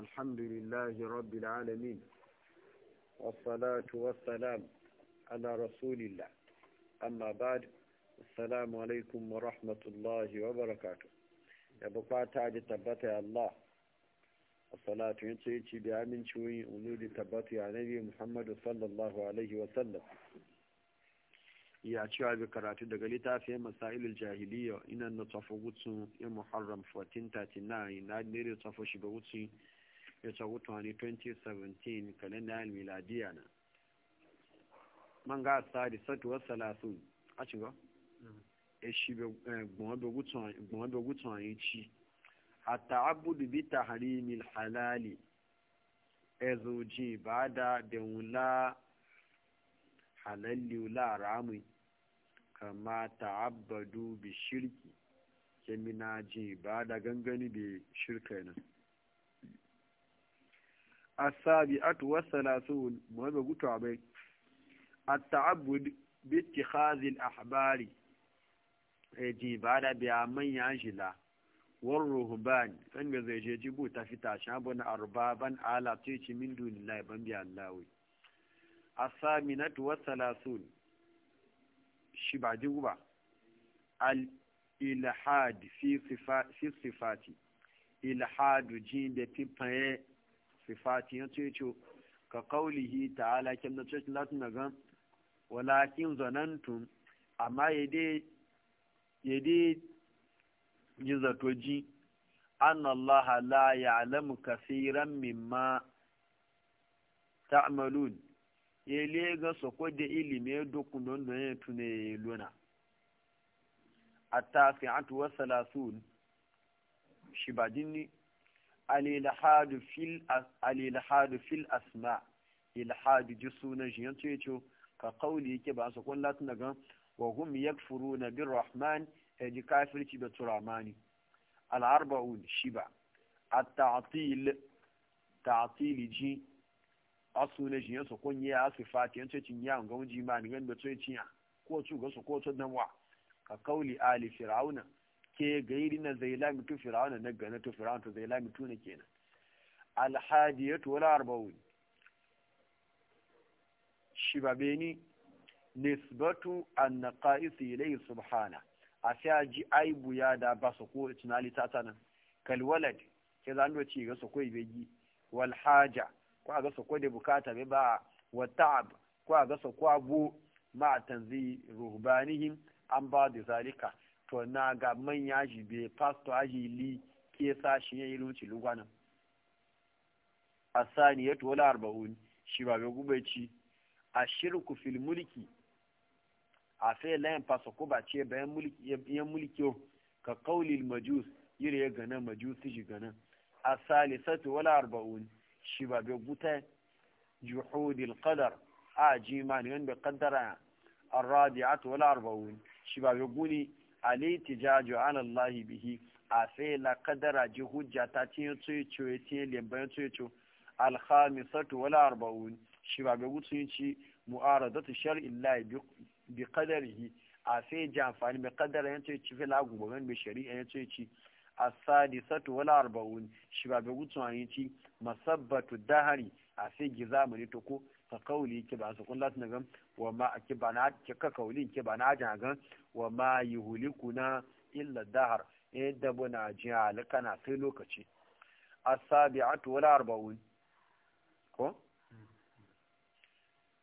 الحمد لله رب العالمين والصلاة والسلام على رسول الله أما بعد السلام عليكم ورحمة الله وبركاته يا بقى تعد تبت الله الصلاة ينتهي بأمن شوي أنود تبت يا نبي محمد صلى الله عليه وسلم ya cewa bi karatu daga littafin masailul jahiliya ina na tafi wutsun ya muharram 1439 na nere tafi shiga wutsun ya ca wutani 2017 kalendar miladiya na man ga sadi satu wasu a ci ba mm-hmm. e shi gbọ́n bẹ gútùn àyín ci àtàbùdù bí tàhàrí mil halali ẹzùn jì bá da dẹ̀wùn lá halalli láàrámi kama ta'abudu bi shirki kemina jì bá da gangani bi shirka nan asabi'atu wasalasun muhammad gutu abai at-ta'abbud bi ittikhaz al-ahbari ji bada bi amanya jila war ruhban kan ga zai je jibu ta fita shabun arbaban ala tici min dunillahi ban bi allahi asaminatu wasalasun shi ba jibu ba al-ilhad fi sifati ilhadu jin da pipaye sifati ya ce ce ka kaulihi ta'ala kim da cikin latin na gan walakin zanantum amma ya dai ji zato ji an la ya'lamu kasiran mimma ta'malun ya lega soko da ilimi ya dukkan don don ya tune luna a tafi'atu wa salasun shibadin alilhadu fil asma ilhadu ji sunan shi yanzu ya ce ka kauli yake ba su kun latin daga wa hum furu na bin rahman ya ji kafirci da turamani al'arba'un shi ba a ta'atil ta'atili ji a sunan shi yanzu kun yi a fati yanzu ya cin ga gawun jimani ganin da tsoye ya ko su ga su ko su dan wa ka kauli ali fir'auna ke gairi na zailami tu fir'auna na gane tu fir'auna to zai lamitu na kenan alhadiyatu wala arba'un shibabeni nisbatu annaqais ilayhi subhana ji aibu ya da ba su ko tunali tatana kal walad ke zando ci ga sokoi begi wal haja ko ga sokoi da bukata be ba wa ta'ab ko ga sokoi abu ma tanzi ruhbanihim an ba da zalika to na ga manya shi be pastor aji li ke sa shi ya yi lunci lugwana asani ya tola arba'un shi ba bai gube ci a shirku fil mulki a fe layin fasa ko ba ce bayan mulki ka kaulil majus yire ya gana majusi shi gana a salisatu wala arba'un shi ba bai guta juhudil qadar a jimani wanda kaddara arradi'atu wala arba'un shi ba bai guni alitijaju an Allah bihi a sai la kadara ji hujja ta ce tsoyico ya ce lembayin alhami alhamisatu wala arba'un shi ba bai gutsun ci mu'aradatu shar illahi bi yi a sai ji amfani mai kadara ya ci fi lagun gwamnati mai shari'a ya sadi asadisatu wala arba'un shi ba bai gutsun ci masabbatu dahari a sai gizamani to ko ka kauli ke ba su kullat na gan wa ma ke ba na ke ka kauli ke ba na jan gan wa ma na illa dahar e eh, da buna jihal na sai lokaci a sabiatu wal arba'un ko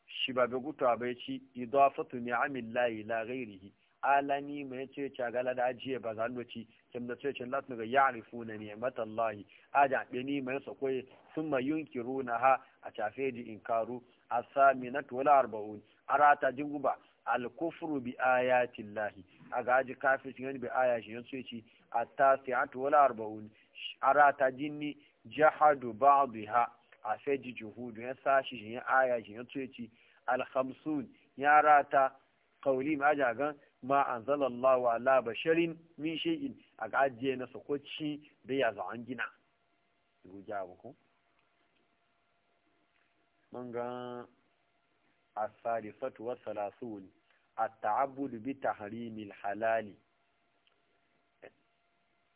shi ba bai gutu bai ci idafatu ni'amillahi la ghairihi alani mai ce ce gala da ajiye ba zan ci kin da ce cin latin ga ya'rifu na ni'mat Allah a da be ni mai sakwai sun ma yunkiruna ha a tafe di inkaru asaminat wala arba'un arata jinguba kufru bi ayati Allah a ga ji kafirci ne bi ayashi yan sai ci at-tasi'at wala arba'un arata jinni jahadu ba'dha a sai ji juhudu ya sashi ya ayashi yan sai ci al-khamsun ya rata kauli ma ja gan ma anzalallahu ala basharin min shay'in a ga ajiye na sokoci da ya za an gina ku ja ku mun ga as-salifatu wa salasun at-ta'abbud bi tahrimil halali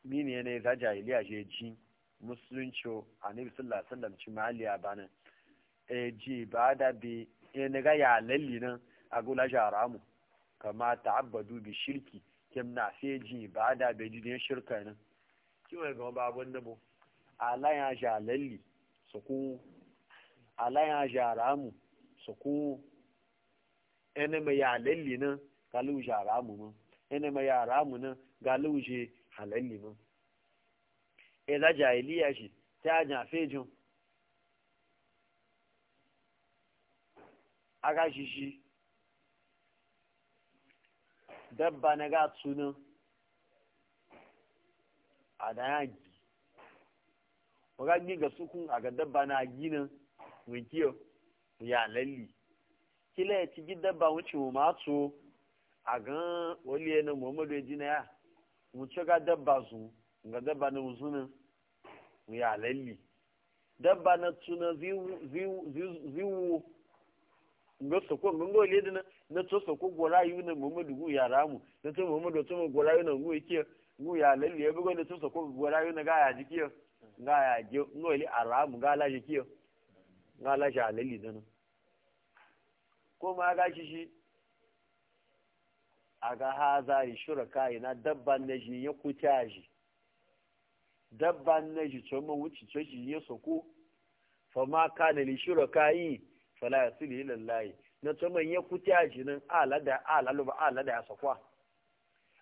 mine ne da jahiliya je ji musulunci annabi sallallahu alaihi wasallam ci maliya bana e ji ba da bi e ne ga ya lalli nan a gula jaramu kama ta'abbadu bi shirki kim na feji ba da bai jidin shirka nan kiwa ga ba abun da bo alaya jalalli suku alaya jaramu suku ene mai yalalli nan galu jaramu mun ene mai yaramu nan galu je halalli mun e da jahiliya shi ta ja fejin aga shi shi dabba na ga sunan a da ya gi waga gi ga sukun a ga dabba na ginin wikiyo ya lalli kila ya ci dabba wuce mu matso a gan wali yana muhammadu ya jina ya mu ci ga dabba su ga dabba na musunan ya lalli dabba na suna ziwu mgbe soko nga ngo ole dị na to soko na muhammadu gu ya ramu na to muhammadu to mo gora na ngu ike ngu ya le le bugo na to soko na ga ya jiki ga ya jo ngo le aramu ga la jiki ga la ja le li ko ma ga aga haza yi shuraka ina na ji ji soko fa ma na ka fala yasilu ila layi na to man ya kutiya jinin ala da ala luba ala da ya sakwa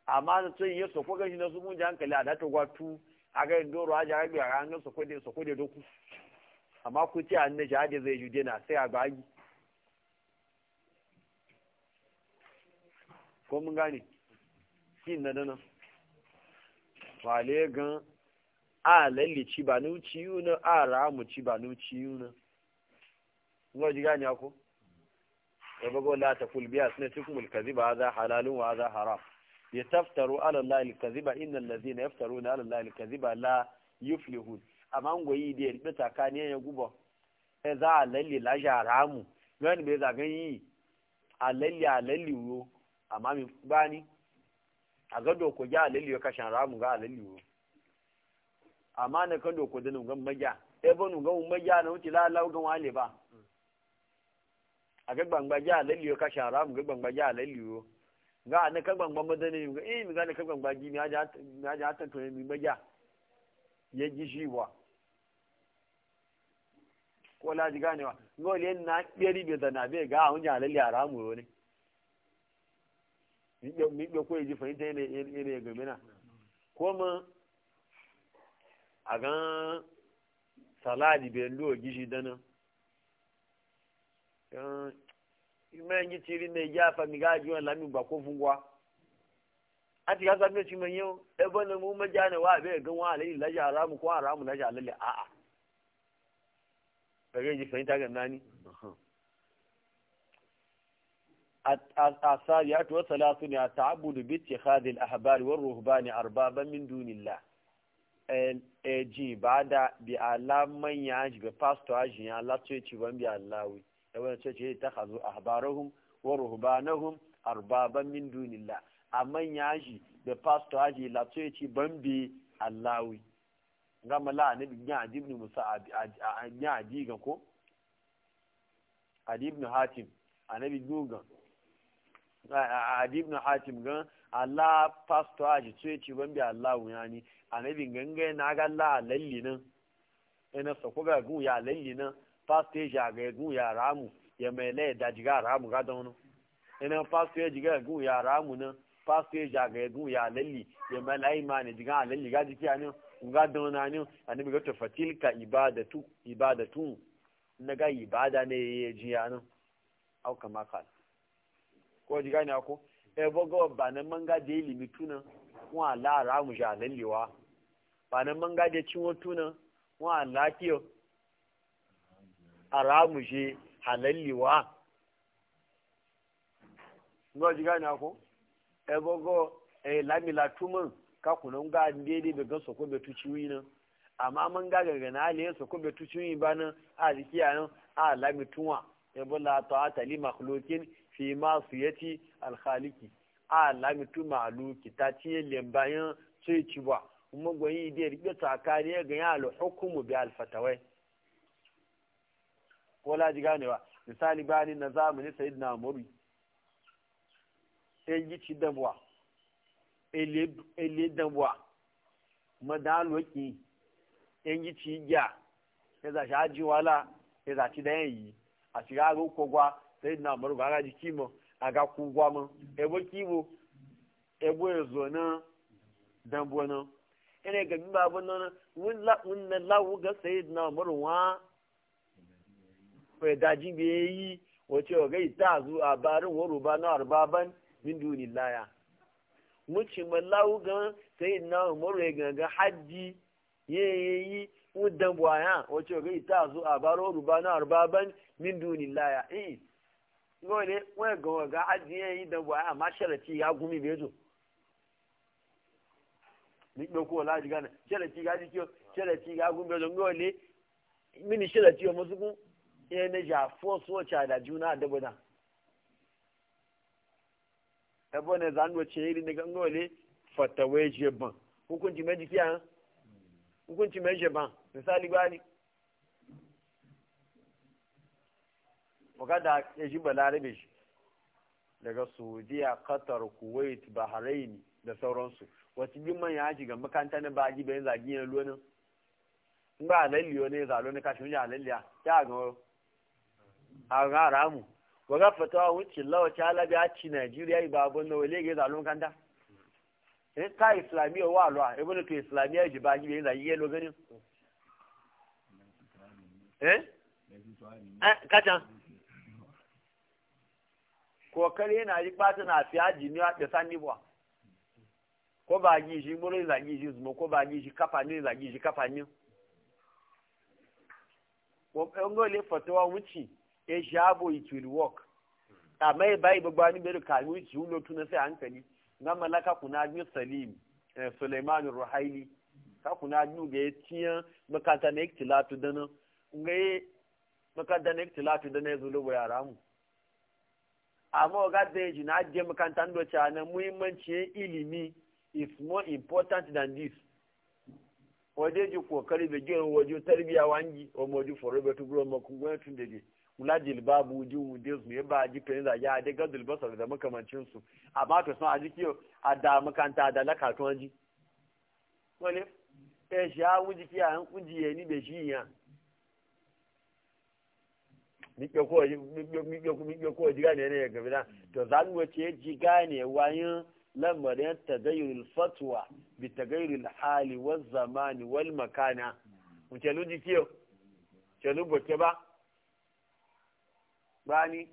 amma na to ya sakwa gashi na su mun ji hankali a data gwatu a ga doro a jaga biya an sakwa da sakwa da doku amma kutiya ne jade zai jude na sai a bagi ko mun gane kin na dana wale gan a lalli ci ba nuci yuna a ramu ci ba nuci yuna ngo ji gani ko ya bago la taful biya cikin tukumul kadhiba hadha halalun wa hadha haram yataftaru ala allahi alkaziba innal ladhina yaftaruna ala allahi alkaziba la yuflihun amma goyi da ya takani ya gubo e za alalli la jaramu ngani be za gan yi a alalli wo amma mi bani a gado ko ja alalli yo kashan ramu ga alalli wo amma na kando ko dinin gan maja e bonu gan maja na wuce la la gan wale ba a ga gbangbaje a lalliyo ka shara mu ga gbangbaje a lalliyo ga na ka gbangba madani mu ga eh mi ga na ka gbangbaji mi haja mi haja ta to mi baja ya ji shi wa ko la ji ganewa ngo le na yeri be da na be ga hun ja lalliya ramu yo ne mi be mi be ko ji fahimta ne ne ga mina ko mu a ga saladi be ndo gishi dana Eh, imenji tiri na ija afa mi ga ajiwa lami gba ko fungwa a ti kasa mi cima yau ebe na mu maja ne wa bai gan wa alayhi laja haramu ko haramu laja alalli a'a kage ji fahimta ga nani الثالثة والثلاثون التعبد باتخاذ الأحبار والرهبان أربابا من دون الله ji ba da bi ala manya ji bi pastor aji da wani cece ta hazo habarahun wa ruhbanahum arbaban min dunillah amma manya shi da pastor haji la cece bambe allawi gama la ne ya ibn musa a ya ga ko ibn hatim a a gugan ibn hatim gan Allah pastor haji cece bambe allawi yani anabi ganga na ga la lalli nan ina ko ga gu ya lalli nan pastor ya ga egun ya ramu ya mai lai da jiga ramu ga da wani ina pastor ya jiga egun ya ramu na pastor ya ga egun ya lalli ya mai lai ma ne jiga lalli ga jiki ani ga da wani ani annabi ga tafatilka ibadatu ibadatu na ga ibada ne ya ji ya nan au kama kan ko jiga ne ko e bogo ba nan manga da ilimi tuna wa ala ramu ja wa. ba nan manga da cin wotuna ala lafiyo haramu je halalliwa ngo jiga na ko e eh, bogo e eh, lamila tumun ka kunan ga ndede be gaso ko be tuciwi nan amma mun ga gaga na ale so ko be tuciwi ba nan a rikiya nan a lamituwa e ta'ata li makhluqin fi ma'siyati al-khaliqi a lamitu maluki ta tiye lembayan sai ci ba kuma gwayi da ya rike tsakani ya al-hukumu bi al-fatawai wala ji ganewa misali bani na zamani sayid na mori ɗan gici damuwa ele damuwa madaloki ɗan gici gya ya zashi haji wala ya zaci da yanyi a shiga aga kogwa sayid na mori ba ga jiki mo a ga kogwa mo ebo kibo ebo ya zo na damuwa na ina ga bi babu nan wun na lawu ga sayid na mori wa daji bai yi wace wa gai ta zu a barin waro ba na arbaban min duni laya muci mallahu ga sai na umaru ya ganga hajji yayi udan buaya wace wa gai ta zu a barin waro na arbaban min duni laya eh ne wa ga ga hajji yi dan buaya amma sharati ya gumi zo ni ko ko laji gana sharati ga ji dikyo sharati ga gumi zo bezo ne mini sharati o musukun iya na ja force wacce da juna da bana ebo ne zan wacce iri ne gangole fatawai jeban hukunci mai jikiya hukunci meji jeban misali gwani wakada ya ji balarabe shi daga saudiya qatar kuwait bahrain da sauransu wacce manya man ya shiga makanta na baji bayan zagi na lonin in ba halalliyo ne zalo na kashin ya halalliya ta ga a ga ramu wa ga fatawa wuce lawa ta a ci nigeria ba abun na wale ga zalun kanda eh ta islamiyya wa alwa ibnu to islamiyya ji ba ji bai da yelo ganin eh, eh kacha kokari yana yi pata na aji ni a ɗasa nibuwa ko ba gi shi gboro zagi shi zuma ko ba gi shi kafa ne zagi shi kafa ne ko eh, fatawa wuce e shabo it will work amma ya bayi ni bai ka yi shi hankali na malaka kuna biyu salim suleiman ruhaili ka kuna biyu na iktilatu dana ga ya makanta na dana ya zulo wa yara mu amma ga da ajiye makanta muhimmanci ilimi is more important than this waje ji kokari da jiran waje tarbiya wangi wa moji forobe tuburo makungwai tun da kula jilbabu ji wuje su ya ba ji fere da ya da gadul basar da makamancin su amma ka sun aji kiyo a da makanta da laka to ji wani eh shi ya wuji kiya an kujiye ni be shi ya mi ke ko mi ke ko mi ke ko ji gane ne ga da to zan wace ji gane wayin lamarin tagayyurul fatwa bi tagayyurul hali waz zamani wal makana mu ce lu ji kiyo ce lu ba bani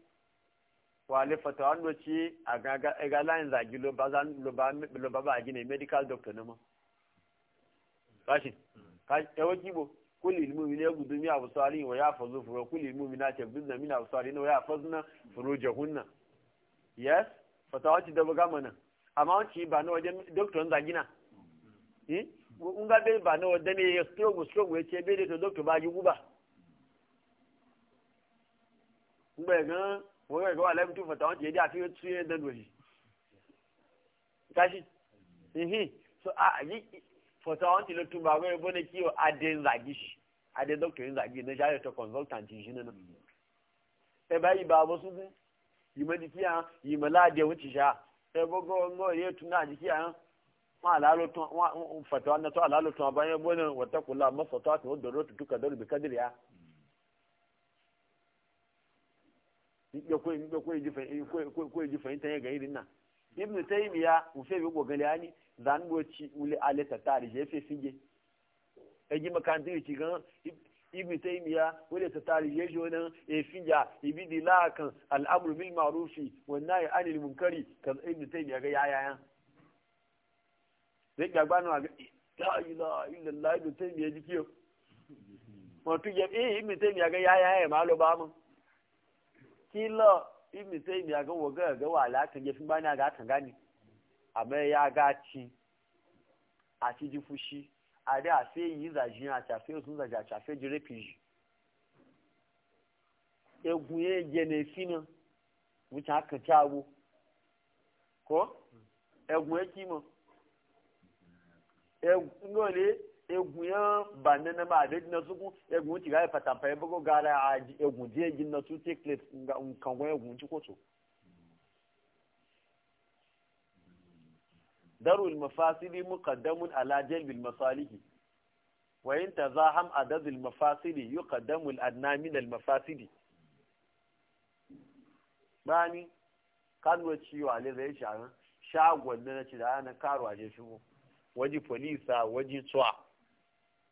wale fatawa no ci a gaga ga e zagi lo ba zan lo ba lo ba medical doctor ne ma kashi mm. ka yawo e kibo kulli ilmu min ya gudu mi abu sali wa ya fazu furu kulli ilmu min ta bizna na abu sali wa ya fazna furujahunna yes fatawa ci da buga mana amma wanci ba na wajen doctor zagi na eh kun ga bai ba na wajen ne ya stroke stroke ya ce bai da to doctor ba ji guba ńgbẹ̀ gan wọ́n yọ̀ ìgbọ́wà lẹ́mú tó fọ̀tà wọ́n ti yẹ dí àfihàn tún yẹn dẹ́nu òyì káṣí ìhìn so àyí fọ̀tà wọ́n ti lọ tún bá wọ́n yẹ bọ́lẹ̀ kí adé ńlági adé dókítà ńlági ní ṣáà consultant yìí nínú ẹ bá yìí bá wọ́n sunkún yìí mọ́ di kí hàn yìí mọ́ láàdé ti ṣá ẹ gbọ́gbọ́ ńgọ́ yẹ tún náà di kí hàn wọn àlálò tún wọn fọ̀tà wọn náà tó àlálò tún àbáyọ bọ́lẹ̀ wọ́tẹ́kùnlá mọ́ ikpe kwe ikpe kwe ji ya ga irin nan ibnu taymiya ufe bi gogali ani zan goci ule ale tatari je fe fige eji makanti ci gan ibnu taymiya ule tatari je jona e fija ibidi lakan al'amru bil ma'rufi wan munkari kan ibnu taymiya ga yaya ya zai gagba no ga la ilaha illallah ibnu taymiya ya ibnu taymiya ga yaya ya ma lo ba kila ibn taymi ya ga waga ga wala kan fun bani aga kan gani amma ya ga ci a ci ji fushi a da a sai yi zaji a tafe sun zaji a tafe ji refugee egun ye gene fina wuce haka tago ko egun ya kima egun ne egun yan ba nana ma ade na suku egun ti ga fata pa ebo go gara a egun die gin na tu take place nga nkan go egun ti ko to darul mafasili muqaddamun ala jalbil masalihi wa in tazaham adad al mafasili yuqaddamu al adna min al mafasili bani kan wa ciwo ale zai shagan shagon na ci da ana karo a je shigo waji polisa waji tsuwa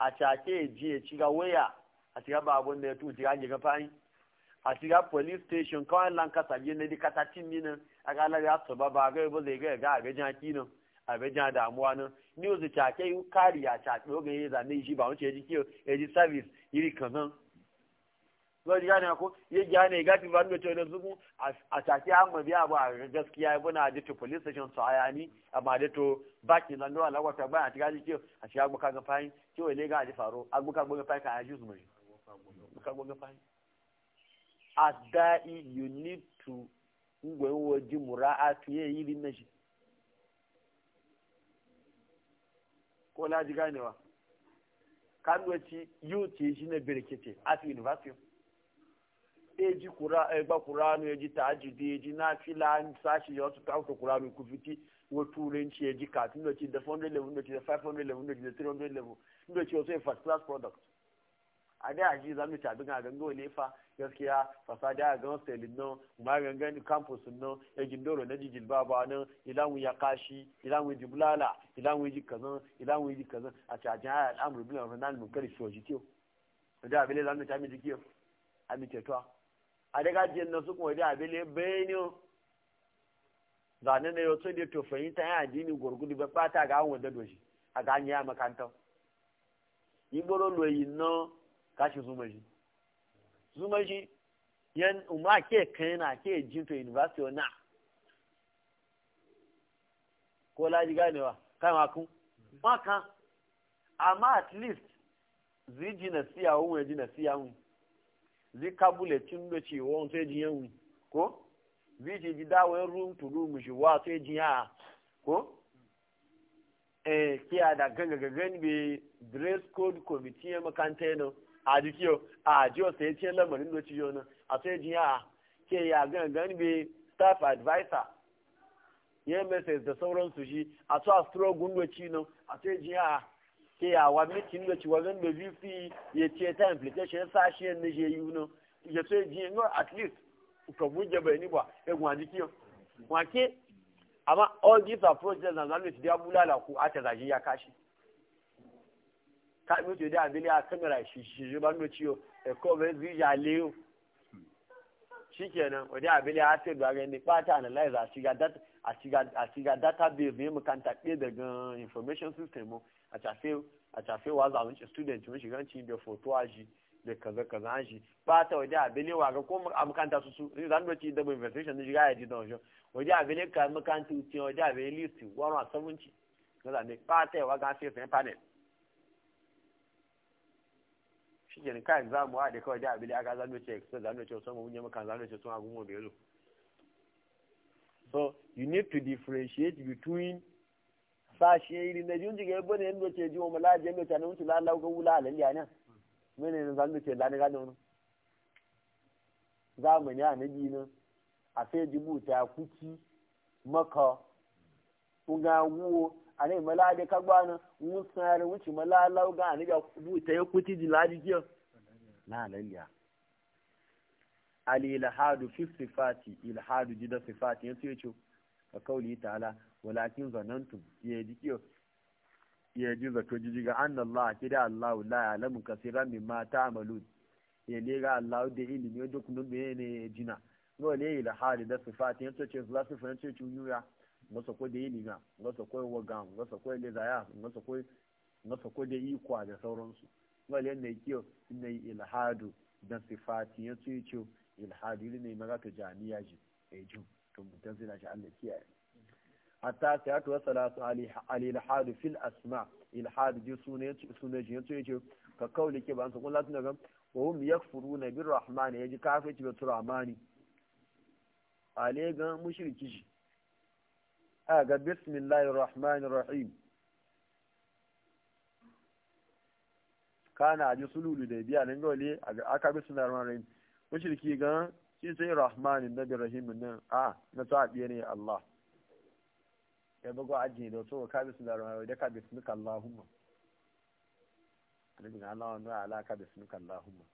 a cake ji ya ci ga waya a ci ga babun da ya tu ci ga ga fayin a ci ga police station kawai lan kasa yi na di kasa tin ni nan a ga lar ya to ba ba ga ba zai ga ga ga jan ki nan a ga jan damuwa nan news cake kari ya cake ga ya zane shi ba wuce ya ji kiyo ya ji service iri kanan so ji gane ko ya gane ga tin ba ce da zugu a take amma abu a gaskiya buna da to police station so ayani amma da to baki nan da Allah wata ba a tiga ji ke a shi buka ga fayin ke wai ga ji faro a buka ga fayin ka ajizu mai buka buka fayin as da'i you need to ngwe wo ji mura'atu ye yi din nashi ko la ji ganewa kan wace yau ce shi na birkete at university eji gba kuranu eji tajidi eji nafila sashi ya otu kauta kuranu kufiti wo turanci eji kati ndoci da 400 level ndoci da 500 level ndoci da 300 level ndoci wasu ya first class product a da yaji za mu ci abin a gango ne gaskiya fasada a gan selin nan ma gangan campus nan ya gindoro na jijil baba nan ilamu ya kashi ilamu ji bulala ilamu ji kazan a cajin ayat amur bilan ronald mukari soji tiyo da abin da za mu ci abin jikiyo abin cetuwa adega na su kuma da abele bayani zane ne yoto da to fahimta ya addini gurgudu ba fata ga awon doji a ga anya makanta igboro loyi no kashi zumaji zumaji yan umma ke kai na ke jinto university na ko gane wa, kai ma makun maka amma at least ziji na siya wun ya ji na siya wun zikabule bulletin e, da won sai jiyan ko viji ji dawo room to room shi wa sai jiya ko eh ganga be dress code committee makanta no a dikiyo a jiyo sai ce lamarin da ci a sai jiya ke ya be staff advisor ya message da sauransu shi a to a ci no a jiya ke yawa mitin da ciwa zan da vp ya ce ta implication sashen na je yi no ya so e ji no at least ka buje bai ni ba e gwa ji kiyo wa ke amma all these approaches na zanu ti da bulala ku a ta zaji ya kashi ka mi to da abili a kamera shi shi ban no ciyo e ko be zija leo shikenan wani abin ya ce da ga ni bata analyze a shiga data a shiga a shiga database ne mu kanta ɗaya daga information system a tafe a tafe wa zamun student mun shiga cikin da photo a shi da kaza kaza shi bata wani abin ya waga ko a makanta su su ni zan doci da investigation ne shiga ya ji don shi wani abin ya ka makanta ce wani abin list 170 kaza ne bata ya waga sai panel shi kenan kai kawai da abili aka zano ce exam zano ce sun mun yi maka ce sun so you need to differentiate between sashe iri na junji ga yabo ne yanda ce jiwo mala je mai tanin su lalau ga wula alaliya nan mene ne zano ce lani gado nan zamani a nabi nan a sai jibuta kuki maka kunga ane mala de kagbana musare wuci mala lauga ane ga buta ya kuti ladi kiyo na laliya alil hadu fi sifati ilhadu jida sifati yace yace ka kauli ta'ala walakin zanantum ya ji kiyo ya ji zato jiji ga anna Allah kida Allah la ya'lamu min mimma ta'malu ya ne ga Allah da ilimi da kuma ne jina no le ilhadu da sifati yace yace la sifati yace yuya ngasa kwai da yini nga ngasa ko waga ngasa da le zaya ngasa nga ngasa ko da ikwa da sauransu wal yan ne kiyo ne ilhadu da sifati ya ce ce ilhadu ne maga ta jami'a ji e ju to mutan zina shi Allah kiyaye hatta sai aka wasala su ali ilhadu fil asma ilhadu ji sunan sunan ji ya ce ce ka kauli ke ba su kun latin daga wa hum yakfuruna bir rahmani yaji kafirci bi turamani, ale ga mushriki shi aga bismillahir rahmanir rahim kana aji sululu da biya nan gole aka bismillahir rahmanir rahim mushriki ga shi sai rahmanin nabi rahim nan a na ta biye ne Allah ya bugo aji da to ka bismillahir rahmanir rahim da ka bismika Allahumma annabi Allah ala ka bismika Allahumma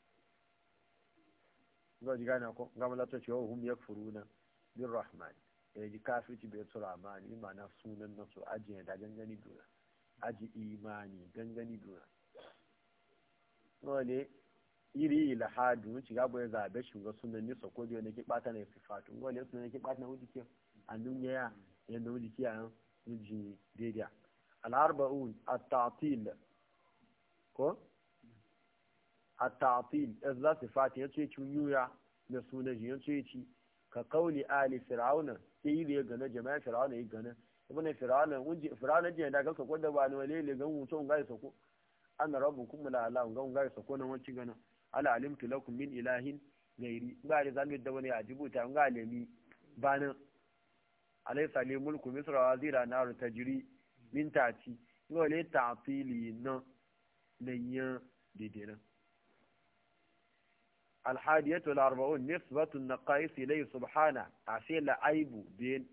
ga jigana ko ga malata cewa hum yakfuruna bir rahmani ya eh, ji kafirci bai tura tsura amani mana sunan nasu aji ne da gangani duna aji imani gangani duna wale iri ilhadu mun shiga bai zabe shuga sunan ni so kodiyo ne ki bata na sifatu wale sunan ne ki bata na wudi ke dunya ya ya da wudi ke an wudi daidai al-arba'un at-ta'til ko at-ta'til azza sifati yace cin yuya da sunan yace ci ka kauli ali fir'auna sai yi ga na jama'a fir'auna ya gana ibn fir'auna unji fir'auna jiya da kanka kwada ba ne wale gan wuto ngai sako an rabbukum la ala gan ngai sako nan wancin gana ala alimtu lakum min ilahin gairi ba da zanu da wani ajibuta ga alimi nan alaysa li mulku misra wa zira naru tajri min tati wale ta'tili na nan yan didira alhadiyatu al-arba'un nisbatu an-naqais ilayhi subhana ashe la aibu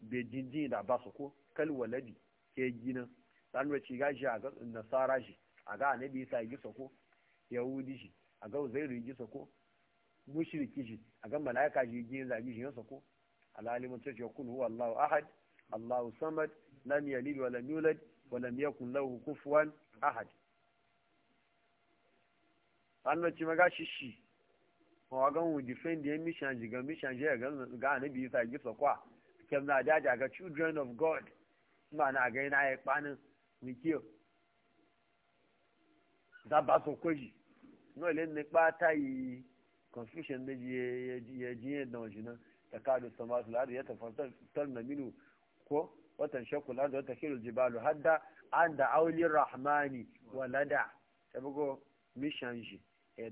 be jinji da ba su ko kal waladi ke gina dan wace gashi a nasara shi a ga annabi isa yi sako yahudi shi a ga uzairu yi sako mushriki shi a ga malaika shi gina zagi shi sako alalimin ta ce kun huwa allahu ahad allahu samad lam yalid wa lam yulad wa lam yakun lahu kufuwan ahad an wace magashi shi wa ga mu defend yan mission ji ga mission je ga ga annabi isa ji sokwa na jaja ga children of god ma na ga ina ya panin nikiyo da ba so koji no le ne pa yi confusion da je je je da wajina ta ka anda rahmani walada tabugo e mission ji e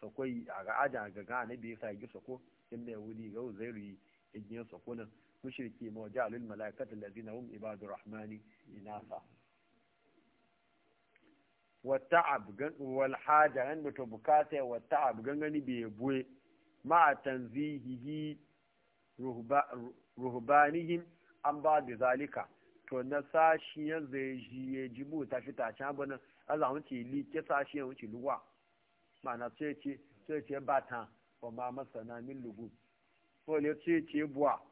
sokoi a aja ga gane na biyu sai gi soko inda yahudi ga uzairu igin soko nan mushriki ma ja'alul malaikata allazina hum ibadur rahmani inasa sa. gan wal haja yan mutu bukata wata gan gani bi buwe ma tanzihihi ruhbanihim an ba da zalika to na sashiyan zai ji ya jibu ta fita can bana azamun ci li ke sashiyan wuce luwa Mana sai ce sai ce bata wa ma masana min lugu ko le sai ce buwa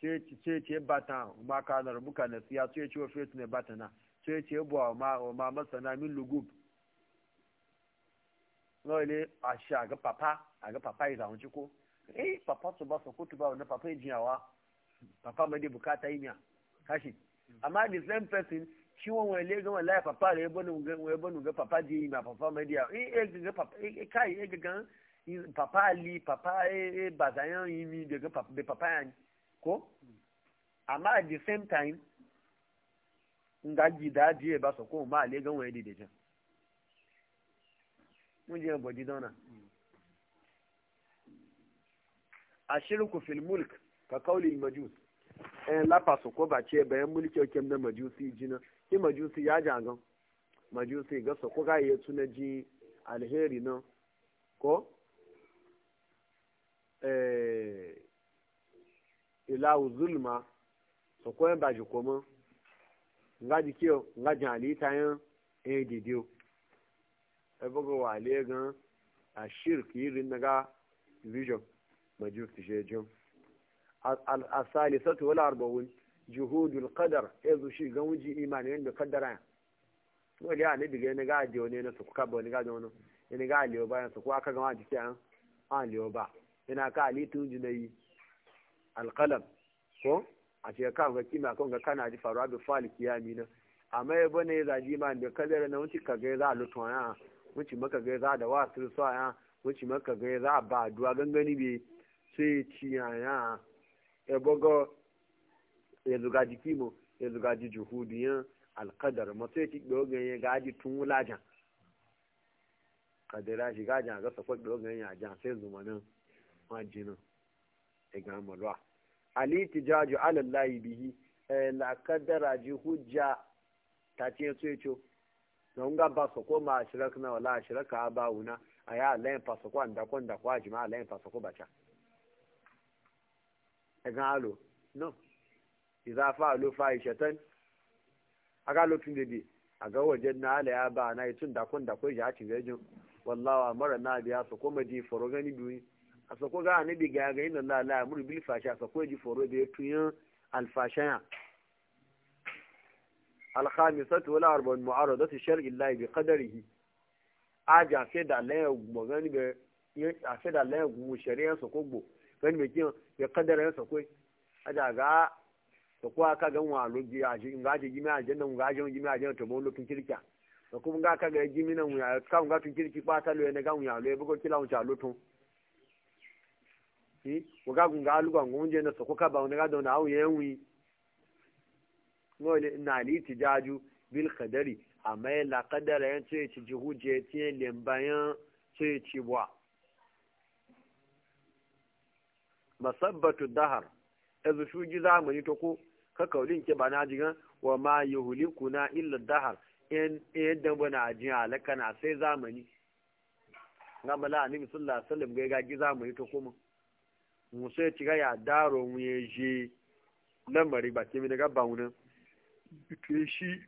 sai ce bata ma ka na rubuka na siya sai wa fetu ne batana sai ce buwa wa ma masana min lugu ko le a sha ga papa a ga papa ya zaunci ko eh papa su ba su kutu ba wannan papa yi jiyawa papa mai bukata yi miya kashi amma the same person shi wani lega wani laye papa da ya bani ga papa je yi ma papa mai diya in e gaga papa e papa ali papa e ba yi mi papa papa ko amma at the same time nga gida je ba so ko ma lega wani dide jan mun je bodi dona ashirku fil mulk ka kauli majus eh la paso ko ba ce bayan mulki kem na majusi jina ki majusi ya jagan majusi ga ko kuka yi tuna ji alheri nan ko eh, ilawu zulma su koyan ba jikoma nga jikiyo nga jali ta yin eh didiyo e bugu wa wale gan a shirki irin na ga vision majusi shejin al-asalisatu wal arba'un juhudul qadar ezu shi gan wuji imani yanda kaddara wani ya ne diga ne ga aje wani na su kuka ba wani ga wani ne ga aliyo ba su ko aka gama jiki an aliyo ba yana ka ali na yi alqalam ko a ce ka ga kima kan ga kana ji faruwa da fali kiyami na amma ya bane ya zaji ma da kaddara na wuci ka ga za lutun ya wuci maka ga za da wasu so ya wuci maka ga za ba duwa gangani be sai ci ya ya ebogo yanzu ga ji kimo yanzu ga ji juhudiyan alkadar masu ya ci ɗogon ya gaji tun wulajan kadira shi gaji a gasa kwa ɗogon ya jan sai zumanin majinin ya e ga malwa ali tijaju alallahi bihi e la ji hujja ta ce su ya ce don ga ba su koma a shirak na wala a shiraka ba wuna a ya alayin fasako an dakon dakwa jima'a alayin fasako ba can e ga alo no iza fa'alu fahishatan aga lokacin da bi a ga wajen na alaya ba na yi tun dakon da kwai ya cin gajin wallawa mara na biya su kuma ji foro gani biyu a sako ga ni bi ga ga inna la la mur bil fasha sa ko ji foro da tuyin al fashaya al khamisatu wal arba'un mu'aradatu shar'i llahi bi qadarihi aja sai da la gbo gani be a sai da la gbo shari'a sa ko gbo gani be kin ya qadara sa ko aja ga to kuwa ka gan wa lobi a shi ga ji gimi a janna ga ji gimi a janna to lokin kirkiya to kuma ga ka ga gimi nan ya ka ga tun kirki ba ta loye na ga ya loye bugo kila un ta lutun ki ko ga gun ga lugan gun je na so ka ba na ga da na awu yan wi ngole ina li tijaju bil qadari amma ya la qadara yan ce ci juhuje ti lembayan ce ci bwa masabbatu dahar ezu shuji zamani to ko ka kaulin ke bana jigan wa ma kuna illa dahar in yadda na ajin alaka na sai zamani na mala a nimi alaihi wasallam ga gagi zamani to kuma musa ya ciga ya daro mu ya je lamari ba ke mini gaba wunan to shi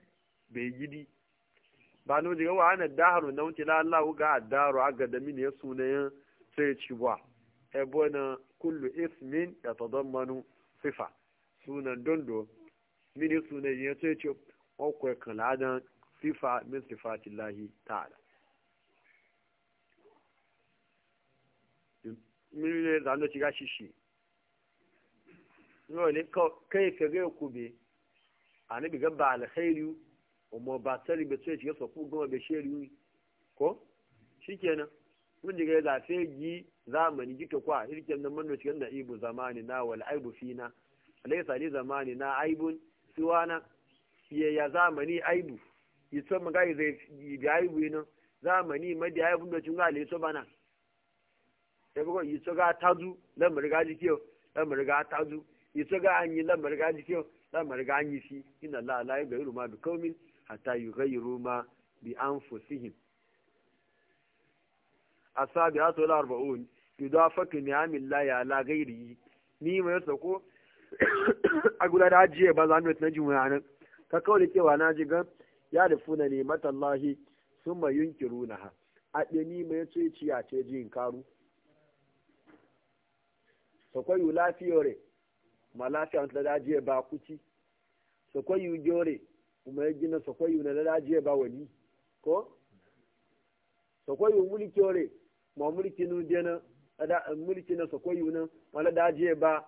bai gidi ba no diga wa ana daharu na wuce la Allah ga daro a gada mini ya sunayen sai ci ba e bona kullu ismin yatadammanu sifa sunan dondo mini sunan ya ce ce okwai kaladan sifa min sifatin lahi ta'ala mini ne zanu shiga shishi yau ne kai ka ga kube a ni gaba ba alkhairu ma ba tsari ba ce shiga sofu goma da sheri ko shi kenan mun diga da sai gi zamani gita kwa hirken nan manno cikin da ibu zamani na wal aibu fina laisa li zamani na aibun siwana ya ya zamani aibu yitso maga zai ga aibu yin zamani madi aibu da cin le so bana sai bugo yitso ga tazu lamar ga kiyo lamar ga tazu yitso ga anyi lamar ga kiyo lamar ga anyi fi inna la la yughayyiru ruma bi qaumin hatta yughayyiru ma bi anfusihim asabi atul arba'un idafatu ni'amillahi ala ghairihi ni mai sako a guda da ajiye ba za a na jin wani ka kawai cewa na ji gan ya funa ne matallahi sun ma yunkiru na ha a ɗani mai ce ciya ce jin karu sakwai yu lafiyore ma lafiya ta da ajiye ba kuci sakwai yu gyore kuma ya gina sakwai yu na da ajiye ba wani ko sakwai yu mulki yore ma mulki jena na sakwai yu na ma da ajiye ba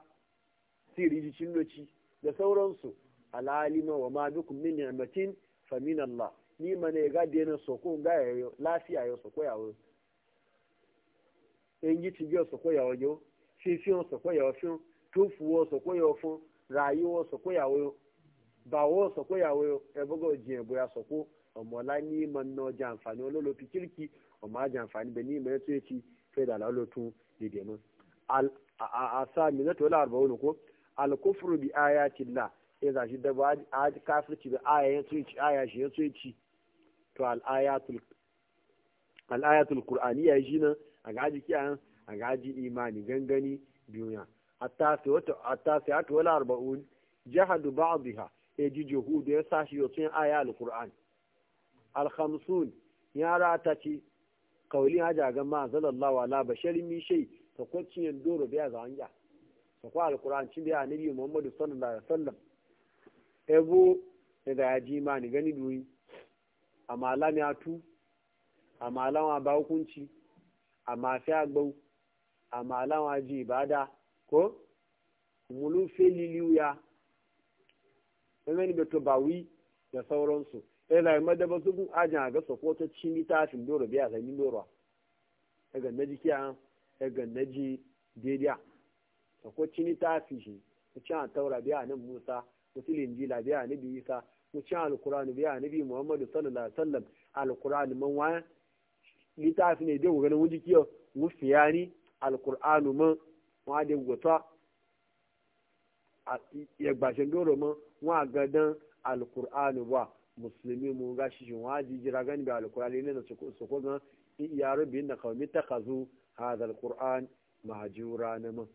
siriji cinnoci da sauransu alalima wa ma bikum min ni'matin fa min Allah ni ma ne ga dena soko ga yayo lafiya yo soko yawo en yi ti yo soko yawo yo fi fi on soko yawo fi to fu wo soko yawo fun rayu wo soko yawo ba wo soko yawo e bogo jin e boya soko omo la ni ma no ja àǹfààní ololo pikirki o ma ja àǹfààní be ni ma to yi e fe da la lo tun de de mo al a a sa mi na to la arba ko alkufru bi ayatillah za zashi da ba a kafirci da ayayen ya ci aya shi ya ci to al-ayatul al-ayatul qur'aniyya yaji nan a gaji kiyan a gaji imani gangani duniya hatta sai wata hatta sai hatta wala arba'un jahadu ba'dha ya ji juhudu ya sashi yosin aya al-qur'an al-khamsun ya rata ci kauli haja ga ma sallallahu ala basharin mi shay ta kwacin doro biya ga hanja sakwa alkuran ci biya nabi muhammadu sallallahu alaihi wasallam ebo daga ya ji ma ni gani duyi amma lam ya tu amma lam wa ba hukunci amma fi agbau amma lam wa ji ibada ko mulu fe liliya wani beto bawi da sauransu ila e yi madaba su kun ajin ga sako ta cini ta fin doro biya e ga min doro daga naji kiya daga e naji daidai ko cini ta fi shi mucin a taura biya nan musa mucin linjila biya nabi isa mucin alkurani biya nabi muhammadu sallallahu alaihi wasallam alkurani man waya fi ne dai ganin wuji kiyo wufiya ni alkur'anu man wa de gwata ya gbashin doro man wa gadan alkur'anu ba musulmi mu ga shi shi wa jira gani bi alkur'ani ne na su ko gan iya rubin da kawai ta kazu hadha alquran mahjura na man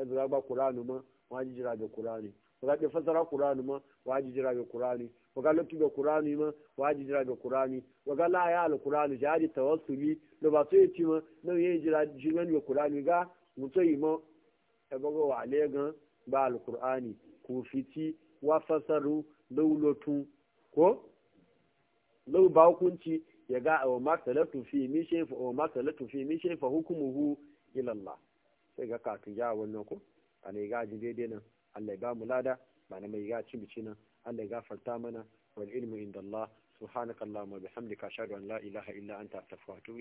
yanzu ga ba kuranu ma wa ji jira ga kurani ko ga fasara kur'ani ma wa ji jira ga kurani ko ga lokki ga kurani ma wa ji jira ga kurani ko ga la ya al kurani jadi tawassuli lo ba sai ti ma no yi jira jiran ga kurani ga yi ma e ba ga wale ba al kurani ku fiti wa fasaru dawlatu ko lau ba hukunci ya ga wa masalatu fi min shayfa wa masalatu fi min fa hukmuhu ila Allah sai ga kafin ya wannan ko a ne ga ji daidai nan Allah ba mu lada ba na mai ga ci bici nan Allah ya gafarta mana wal ilmu inda Allah ma bihamdika ashhadu an la ilaha illa anta astaghfiruka